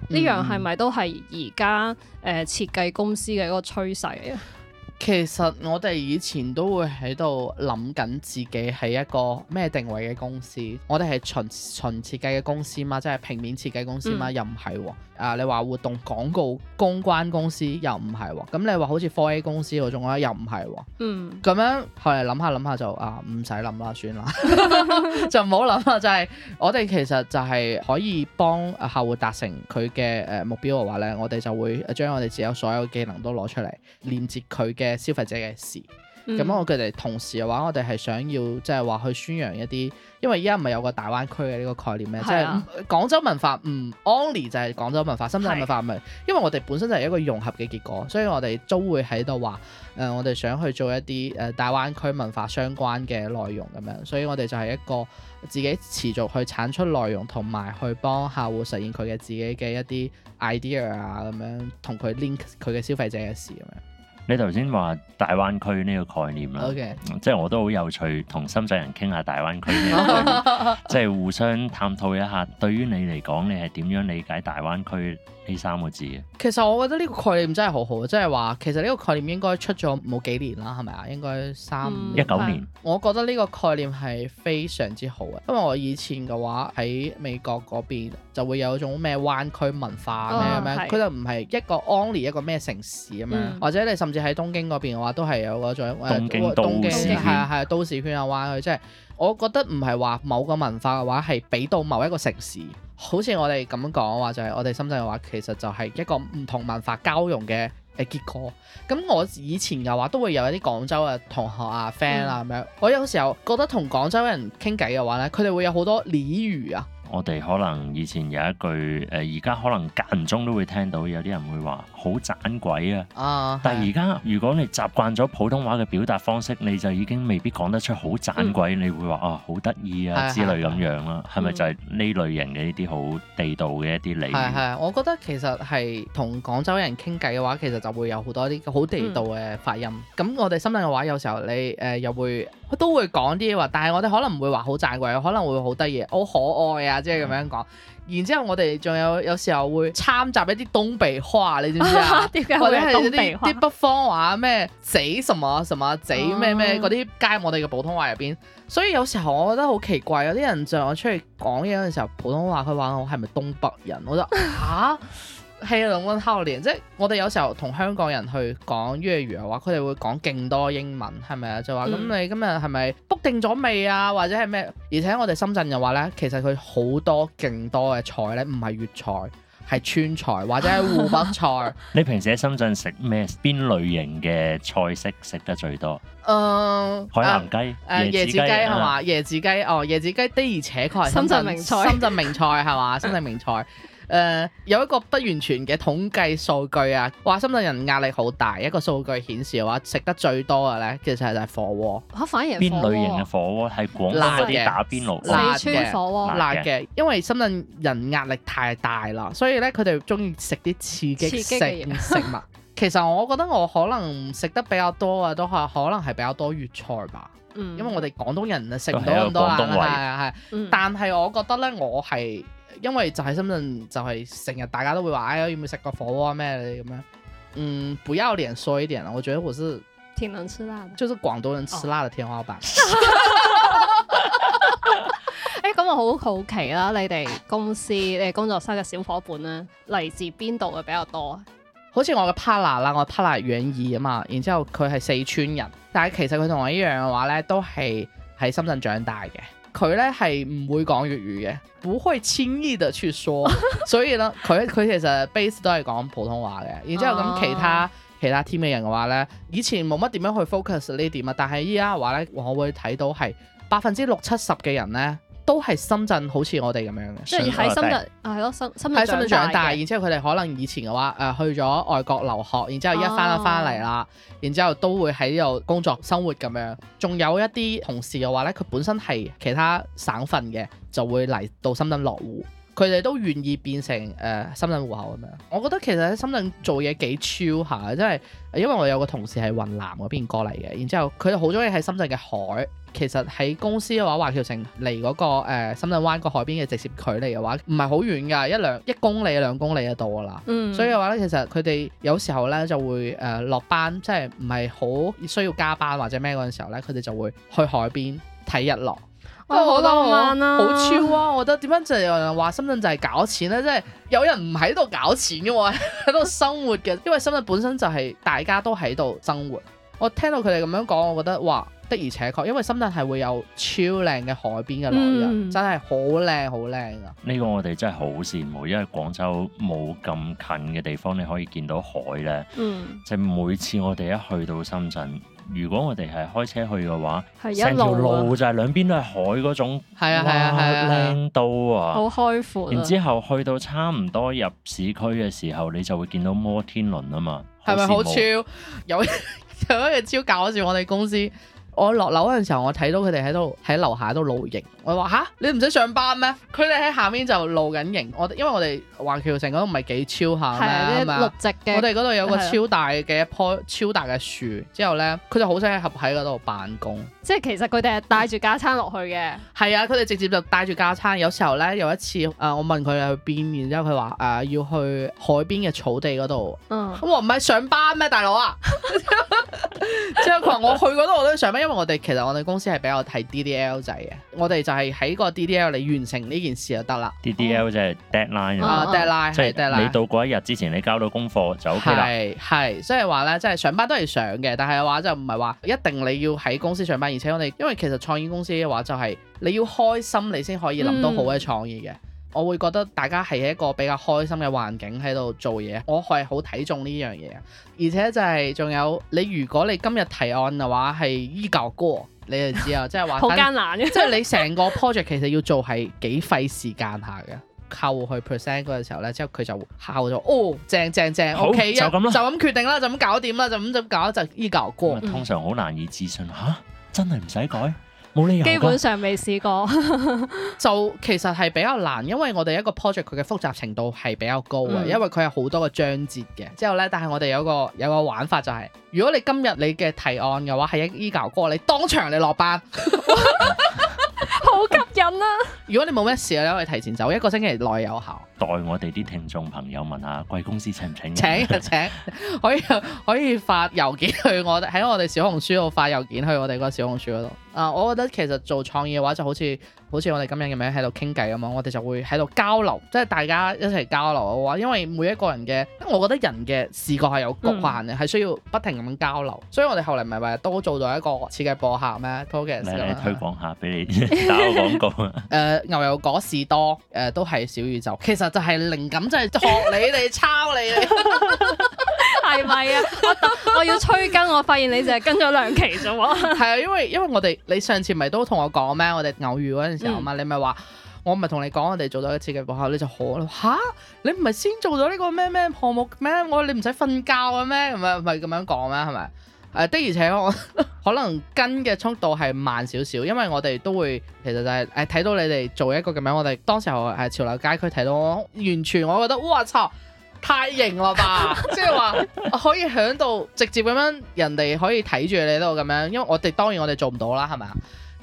呢樣係咪都係而家誒設計公司嘅一個趨勢啊？其實我哋以前都會喺度諗緊自己係一個咩定位嘅公司，我哋係純純設計嘅公司嘛，即係平面設計公司嘛，嗯、又唔係喎。啊，你話活動廣告公關公司又唔係喎。咁你話好似 4A 公司嗰種咧又唔係喎。嗯。咁樣後嚟諗下諗下就啊唔使諗啦，算啦， *laughs* *laughs* 就唔好諗啦。就係我哋其實就係可以幫客戶達成佢嘅誒目標嘅話咧，我哋就會將我哋自己所有嘅技能都攞出嚟連接佢嘅。嘅消費者嘅事，咁我哋同時嘅話，我哋係想要即係話去宣揚一啲，因為依家唔係有個大灣區嘅呢個概念咩？啊、即係廣州文化唔 only 就係廣州文化，深圳文化唔係，是因為我哋本身就係一個融合嘅結果，所以我哋都會喺度話誒我哋想去做一啲誒、呃、大灣區文化相關嘅內容咁樣所以我哋就係一個自己持續去產出內容同埋去幫客戶實現佢嘅自己嘅一啲 idea 啊咁樣同佢 link 佢嘅消費者嘅事咁樣。你頭先話大灣區呢個概念啦，Okay. 即係我都好有趣，同深圳人傾下大灣區， *laughs* 即係互相探討一下，對於你嚟講，你係點樣理解大灣區？呢三個字其實我覺得呢個概念真係好好，即係話其實呢個概念應該出咗冇幾年啦，係咪啊？應該三一九年，我覺得呢個概念係非常之好嘅，因為我以前嘅話喺美國嗰邊就會有種咩灣區文化咩咩，佢、哦、就唔係一個 only 一個咩城市咁樣，嗯、或者你甚至喺東京嗰邊嘅話都係有嗰種、呃、東京，東京係啊係啊，都市圈啊，灣區即係。我覺得唔係話某個文化嘅話係俾到某一個城市，好似我哋咁樣講嘅話，就係、是、我哋深圳嘅話，其實就係一個唔同文化交融嘅誒結果。咁我以前嘅話都會有一啲廣州嘅同學啊、friend 啊咁樣，我有時候覺得同廣州人傾偈嘅話呢佢哋會有好多俚語啊。我哋可能以前有一句誒，而家可能間唔中都會聽到有啲人會話。好盞鬼啊！啊但係而家如果你習慣咗普通話嘅表達方式，你就已經未必講得出好盞鬼。嗯、你會話啊，好得意啊、嗯、之類咁樣啦、啊，係咪、嗯、就係呢類型嘅呢啲好地道嘅一啲嚟係係、嗯，我覺得其實係同廣州人傾偈嘅話，其實就會有好多啲好地道嘅發音。咁、嗯、我哋深圳嘅話，有時候你誒、呃、又會都會講啲嘢話，但係我哋可能唔會話好盞鬼，可能會好得意、好可愛啊，即係咁樣講。嗯然之後我，我哋仲有有時候會參雜一啲東北話，你知唔知啊？或者係啲北，北方話，咩仔、什麼什麼仔、咩咩嗰啲街我哋嘅普通話入邊。所以有時候我覺得好奇怪，有啲人在我出去講嘢嗰陣時候，普通話佢話我係咪東北人。我覺得 *laughs* 啊～係兩蚊 h o 即係我哋有時候同香港人去講粵語嘅話，佢哋會講勁多英文，係咪啊？就話咁你今日係咪 book 定咗未啊？或者係咩？而且我哋深圳又話咧，其實佢好多勁多嘅菜咧，唔係粵菜，係川菜或者係湖北菜。 *laughs* 你平時喺深圳食咩？邊類型嘅菜式食得最多？誒、嗯，啊、海南雞，誒、啊啊、椰子雞係嘛？椰子雞，嗎椰子雞哦，椰子雞的而且確係深、深、深圳名菜， *laughs* 深圳名菜係嘛？深圳名菜。誒、uh, 有一個不完全嘅統計數據啊，話深圳人壓力好大。一個數據顯示嘅話，食得最多嘅咧，其實係火鍋，反而邊類型嘅火鍋係的廣州啲打邊爐辣，四川火鍋辣嘅的的，因為深圳人壓力太大啦，所以咧佢哋中意食啲刺激嘅食，食物。 *laughs* 其實我覺得我可能食得比較多啊，都係可能係比較多粵菜吧。嗯、因為我哋廣東人食唔到咁多辣，係係，嗯，但係我覺得咧，我係。因為就喺深圳，就係成日大家都會話，哎，有冇食過火鍋咩咁樣？嗯，不要臉說一點啦，我覺得我是挺能吃辣的，就是廣東人吃辣的、哦、天花板。哎、 *laughs* *laughs* *laughs* 欸，咁我好好奇啦，你哋公司、你哋工作室嘅小伙伴咧，嚟自邊度嘅比較多？好似我嘅 partner 啦，我 partner 楊怡啊嘛，然之後佢係四川人，但係其實佢同我一樣嘅話咧，都係喺深圳長大嘅。佢咧係唔會講粵語嘅，不會輕易地去說， *laughs* 所以咧佢佢其實 base 都係講普通話嘅。然之後咁其他，oh. 其他 team 嘅人嘅話咧，以前冇乜點樣去 focus 呢點啊，但係依家話咧，我會睇到係百分之六七十嘅人咧。都係深圳好似我哋咁樣嘅，即係喺深圳啊，係咯、哦，深深圳，深圳長大，然之後佢哋可能以前嘅話誒、呃、去咗外國留學，然之後一翻翻嚟啦，啊、然之後都會喺呢度工作生活咁樣。仲有一啲同事嘅話咧，佢本身係其他省份嘅，就會嚟到深圳落戶，佢哋都願意變成誒、呃、深圳戶口咁樣。我覺得其實喺深圳做嘢幾 chill 下，即係因為我有個同事係雲南嗰邊過嚟嘅，然之後佢好中意喺深圳嘅海。其實喺公司嘅話，華僑城離嗰、嗰個、呃、深圳灣個海邊嘅直接距離嘅話，唔係好遠噶，一兩一公里兩公里嘅度噶啦。嗯。所以嘅話咧，其實佢哋有時候咧就會誒落、呃、班，即係唔係好需要加班或者咩嗰陣時候咧，佢哋就會去海邊睇日落。哇我覺得好超啊，啊！我覺得點解就有人話深圳就係搞錢咧？即係 *laughs* 有人唔喺度搞錢嘅喎，喺 *laughs* 度生活嘅。因為深圳本身就係大家都喺度生活。我聽到佢哋咁樣講，我覺得哇～哇的而且確，因為深圳係會有超靚嘅海邊嘅內容，嗯、真係好靚好靚啊！呢個我哋真係好羨慕，因為廣州冇咁近嘅地方，你可以見到海咧。嗯，就每次我哋一去到深圳，如果我哋係開車去嘅話，一路、啊、成條路就係兩邊都係海嗰種，係啊係啊係啊，靚到哇啊，好、啊啊啊、開闊、啊。然之後去到差唔多入市區嘅時候，你就會見到摩天輪啊嘛，係咪好超？有 *laughs* 有一個超搞笑，我哋公司。我落樓嗰陣時候，我睇到佢哋喺度喺樓下度露營。我話吓，你唔使上班咩？佢哋喺下面就露緊營。我因為我哋華僑城個都唔係幾超下咧。我哋嗰度有個超大嘅一樖超大嘅樹，之後咧佢就好想喺合喺嗰度辦公。即係其實佢哋係帶住加餐落去嘅。係啊，佢哋直接就帶住加餐。有時候咧，有一次誒、呃，我問佢去邊，然之後佢話誒要去海邊嘅草地嗰度。咁、嗯、我唔係上班咩，大佬啊？之後佢話我去嗰度我都上因為我哋其實我哋公司係比較睇 DDL 仔嘅，我哋就係喺個 DDL 嚟完成呢件事就得啦。DDL、oh. 就係 deadline 啊，deadline 即係 deadline。Uh, dead line, 你到嗰一日之前你交到功課就 OK 啦。係係，所以話咧即係上班都係上嘅，但係話就唔係話一定你要喺公司上班，而且我哋因為其實創意公司嘅話就係你要開心你先可以諗到好嘅創意嘅。嗯我會覺得大家係一個比較開心嘅環境喺度做嘢，我係好睇重呢樣嘢，而且就係、是、仲有你，如果你今日提案嘅話係依舊過，你就知啊，即係話好艱難嘅、啊，即係你成個 project 其實要做係幾費時間下嘅。客戶去 present 嗰個時候咧，之後佢就效咗，哦，正正正好，OK，就咁啦，就咁決定啦，就咁搞掂啦，就咁就搞就依舊過。通常好難以置信，嚇、嗯啊，真係唔使改？冇理由基本上未試過， *laughs* 就其實係比較難，因為我哋一個 project 佢嘅複雜程度係比較高嘅，嗯、因為佢有好多個章節嘅。之後呢，但係我哋有個有個玩法就係、是，如果你今日你嘅提案嘅話係 e q u 哥你當場你落班，好吸引啊！如果你冇咩事你可以提前走，一個星期內有效。代我哋啲聽眾朋友問，問下，貴公司請唔請？請啊，請，可以可以，可以發郵件去我哋，喺我哋小紅書度發郵件去我哋個小紅書嗰度。啊，uh, 我覺得其實做創意嘅話，就好似好似我哋今日咁樣喺度傾偈咁啊，我哋就會喺度交流，即係大家一齊交流嘅話，因為每一個人嘅，我覺得人嘅視覺係有局限嘅，係、嗯、需要不停咁交流。所以我哋後嚟咪話都做到一個設計播客咩 Podcast，美美 S, 推廣下俾你打個廣告啊！ *laughs* uh, 牛油果士多誒、uh, 都係小宇宙，其實就係靈感，真、就、係、是、學你哋抄你哋。 *laughs* *laughs* *laughs* 係 *laughs* 咪啊我？我要催更，我發現你淨係跟咗兩期咋喎？係 *laughs* 啊， *laughs* 因為因為我哋你上次咪都同我講咩？我哋偶遇嗰陣時候嘛，你咪話我唔係同你講，我哋做咗一次嘅博客，你就好啦吓？你唔係先做咗呢個咩咩項目咩？我你唔使瞓覺嘅咩？咁樣咪咁樣講咩？係咪？誒、呃、的而且我可能跟嘅速度係慢少少，因為我哋都會其實就係誒睇到你哋做一個咁樣，我哋當時候係潮流街區睇到我，完全我覺得哇操。哇太型啦吧！即係話可以響度直接咁樣，人哋可以睇住你度咁樣，因為我哋當然我哋做唔到啦，係咪啊？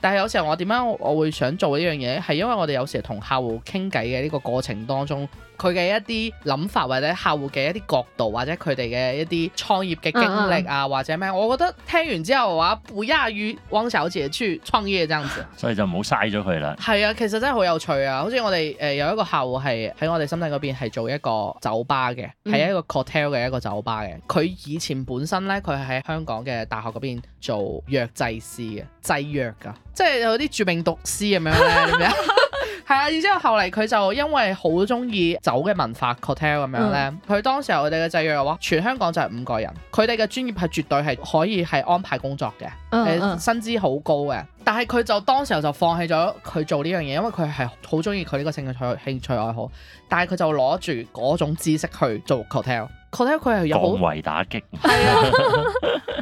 但係有時候我點解，我會想做呢樣嘢，係因為我哋有時同客戶傾偈嘅呢個過程當中。佢嘅一啲諗法或者客戶嘅一啲角度或者佢哋嘅一啲創業嘅經歷啊、嗯嗯、或者咩，我覺得聽完之後嘅話，不亞於汪小姐去創業嘅樣子。所以就唔好嘥咗佢啦。係啊，其實真係好有趣啊！好似我哋誒、呃、有一個客戶係喺我哋深圳嗰邊係做一個酒吧嘅，係一個 cocktail 嘅一個酒吧嘅。佢以前本身呢，佢係喺香港嘅大學嗰邊做藥劑師嘅，製藥噶，即係有啲著名毒師咁樣咧。 *laughs* *laughs* 係啊，然之後後嚟佢就因為好中意酒嘅文化 cocktail 咁樣咧，佢、嗯、當時候我哋嘅制約嘅話，全香港就係五個人，佢哋嘅專業係絕對係可以係安排工作嘅。誒、嗯，薪資好高嘅，但係佢就當時候就放棄咗佢做呢樣嘢，因為佢係好中意佢呢個興趣愛興趣愛好，但係佢就攞住嗰種知識去做 cocktail。佢睇佢係有好維打擊，係啊，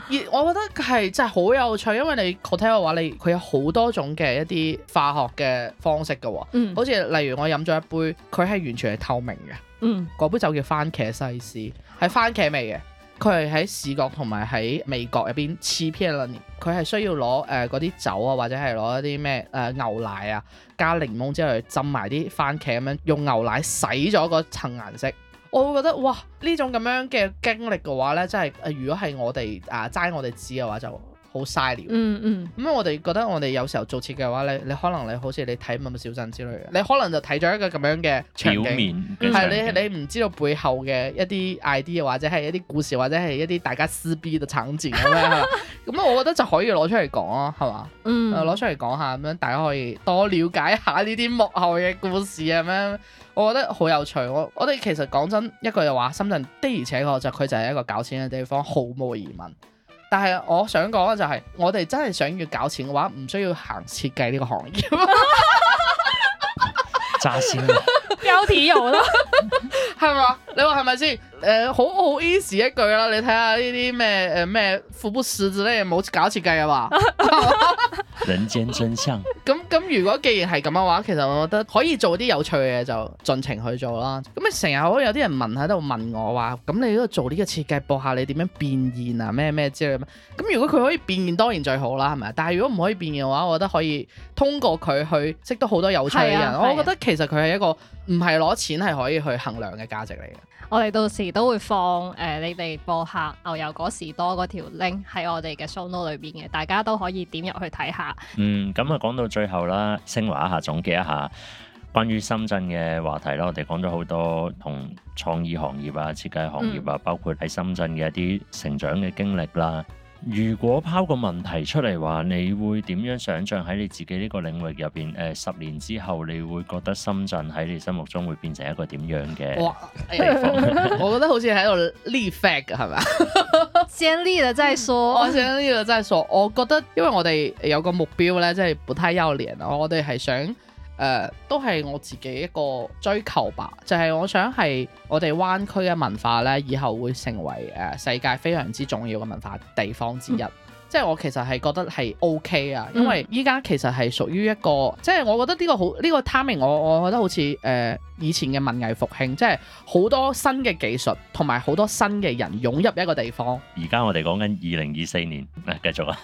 而我覺得係真係好有趣，因為你 c o 嘅話，你佢有好多種嘅一啲化學嘅方式嘅喎，好似、嗯、例如我飲咗一杯，佢係完全係透明嘅，嗯，嗰杯酒叫番茄西施，係番茄味嘅，佢係喺視覺同埋喺味覺入邊黐偏佢係需要攞誒嗰啲酒啊，或者係攞一啲咩誒牛奶啊，加檸檬之類浸埋啲番茄咁樣，用牛奶洗咗個層顏色。我會覺得哇，呢種咁樣嘅經歷嘅話咧，真係，如果係我哋齋、啊、我哋知嘅話就。好嘥料，嗯嗯，咁、嗯嗯、我哋覺得我哋有時候做設計嘅話咧，你可能你好似你睇某某小鎮之類嘅，你可能就睇咗一個咁樣嘅場景，係你你唔知道背後嘅一啲 idea 或者係一啲故事，或者係一啲大家撕逼嘅慘戰咁樣，咁 *laughs* 我覺得就可以攞出嚟講啊，係嘛，嗯，攞出嚟講下咁樣，大家可以多了解下呢啲幕後嘅故事啊，咁樣，我覺得好有趣。我我哋其實講真一句話，深圳的而且確就佢就係一個搞錢嘅地方，毫無疑問。但係我想講嘅就係，我哋真係想要搞錢嘅話，唔需要行設計呢個行業，揸先。標題有啦，係咪？你話係咪先？誒、呃，好好 easy 一句啦，你睇下呢啲咩誒咩富布什、呃、什之類，冇搞設計啊嘛？人間真相。咁咁，如果既然係咁嘅話，其實我覺得可以做啲有趣嘅嘢就盡情去做啦。咁你成日可有啲人問喺度問我話，咁、嗯、你呢度做呢個設計播客你點樣變現啊？咩咩之類咁。咁如果佢可以變現，當然最好啦，係咪？但係如果唔可以變現嘅話，我覺得可以通過佢去識得好多有趣嘅人。啊、我覺得其實佢係一個唔係攞錢係可以去衡量嘅價值嚟嘅。我哋到亦都會放誒、呃、你哋播客《牛油果士多》嗰條 link 喺我哋嘅 shownote 裏邊嘅，大家都可以點入去睇下。嗯，咁啊講到最後啦，升華一下，總結一下關於深圳嘅話題啦。我哋講咗好多同創意行業啊、設計行業啊，包括喺深圳嘅一啲成長嘅經歷啦。嗯如果拋個問題出嚟話，你會點樣想象喺你自己呢個領域入邊，誒、呃，十年之後你會覺得深圳喺你心目中會變成一個點樣嘅地方？哎、 *laughs* 我覺得好似喺度立 flag 係咪？ *laughs* 先立 flag 再說， *laughs* 我先立 flag 再說。我覺得，因為我哋有個目標咧，即係唔太遙遠，我哋係想，誒、呃、都係我自己一個追求吧，就係、係、我想係我哋灣區嘅文化呢，以後會成為誒、呃、世界非常之重要嘅文化地方之一。嗯、即係我其實係覺得係 OK 啊，因為依家其實係屬於一個，嗯、即係我覺得呢個好呢、呢個 timing，我我覺得好似誒、呃、以前嘅文藝復興，即係好多新嘅技術同埋好多新嘅人湧入一個地方。而家我哋講緊二零二四年，繼續啊！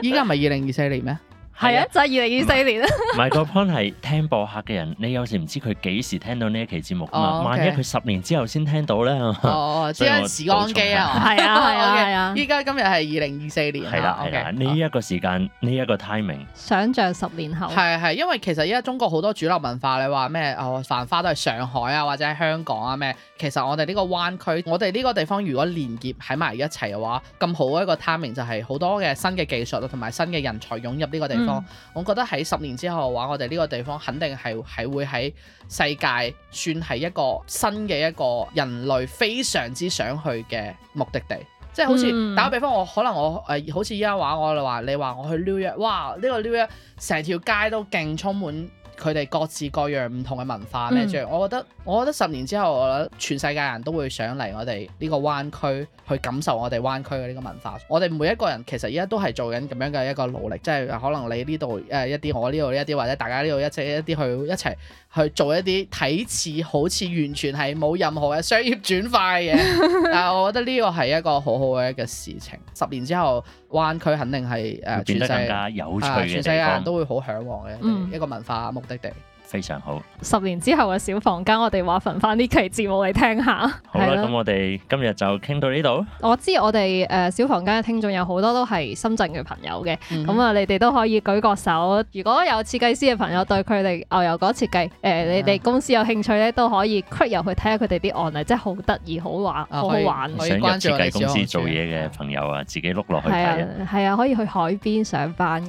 依家唔係二零二四年咩？係啊，就係二零二四年啊！My point 係聽播客嘅人，你有時唔知佢幾時聽到呢一期節目啊嘛。萬一佢十年之後先聽到咧，哦，即係時光機啊！係啊，係啊，係啊！依家今日係二零二四年，係啦，係啦。呢一個時間，呢一個 timing，想像十年後，係啊，係啊，因為其實依家中國好多主流文化，你話咩哦繁花都係上海啊或者係香港啊咩，其實我哋呢個灣區，我哋呢個地方如果連結喺埋一齊嘅話，咁好嘅一個 timing 就係好多嘅新嘅技術同埋新嘅人才湧入呢個地。嗯、我覺得喺十年之後嘅話，我哋呢個地方肯定係係會喺世界算係一個新嘅一個人類非常之想去嘅目的地，即係好似、嗯、打個比方，我可能我誒、呃、好似依家話我話你話我去 New York，哇！呢個 New York 成條街都勁充滿。佢哋各自各樣唔同嘅文化，咩嘅？嗯、我覺得，我覺得十年之後，我覺得全世界人都會想嚟我哋呢個灣區去感受我哋灣區嘅呢個文化。我哋每一個人其實而家都係做緊咁樣嘅一個努力，即係可能你呢度誒一啲，我呢度一啲，或者大家呢度一齊一啲去一齊去做一啲睇似好似完全係冇任何嘅商業轉化嘅 *laughs* 但係我覺得呢個係一個好好嘅一個事情。十年之後。灣區肯定係誒全世界啊，全世界人都會好向往嘅、嗯、一個文化目的地。非常好。十年之後嘅小房間，我哋話翻翻呢期節目嚟聽下。好啦，咁我哋今日就傾到呢度。我知我哋誒小房間嘅聽眾有好多都係深圳嘅朋友嘅，咁啊，你哋都可以舉個手。如果有設計師嘅朋友對佢哋牛油果設計誒，你哋公司有興趣咧，都可以撳入去睇下佢哋啲案例，即係好得意、好玩、好玩。想入設計公司做嘢嘅朋友啊，自己碌落去睇。係啊，係啊，可以去海邊上班。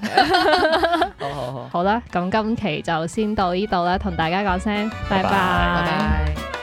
好好好。好啦，咁今期就先到呢度。同大家講聲，拜拜。拜拜拜拜。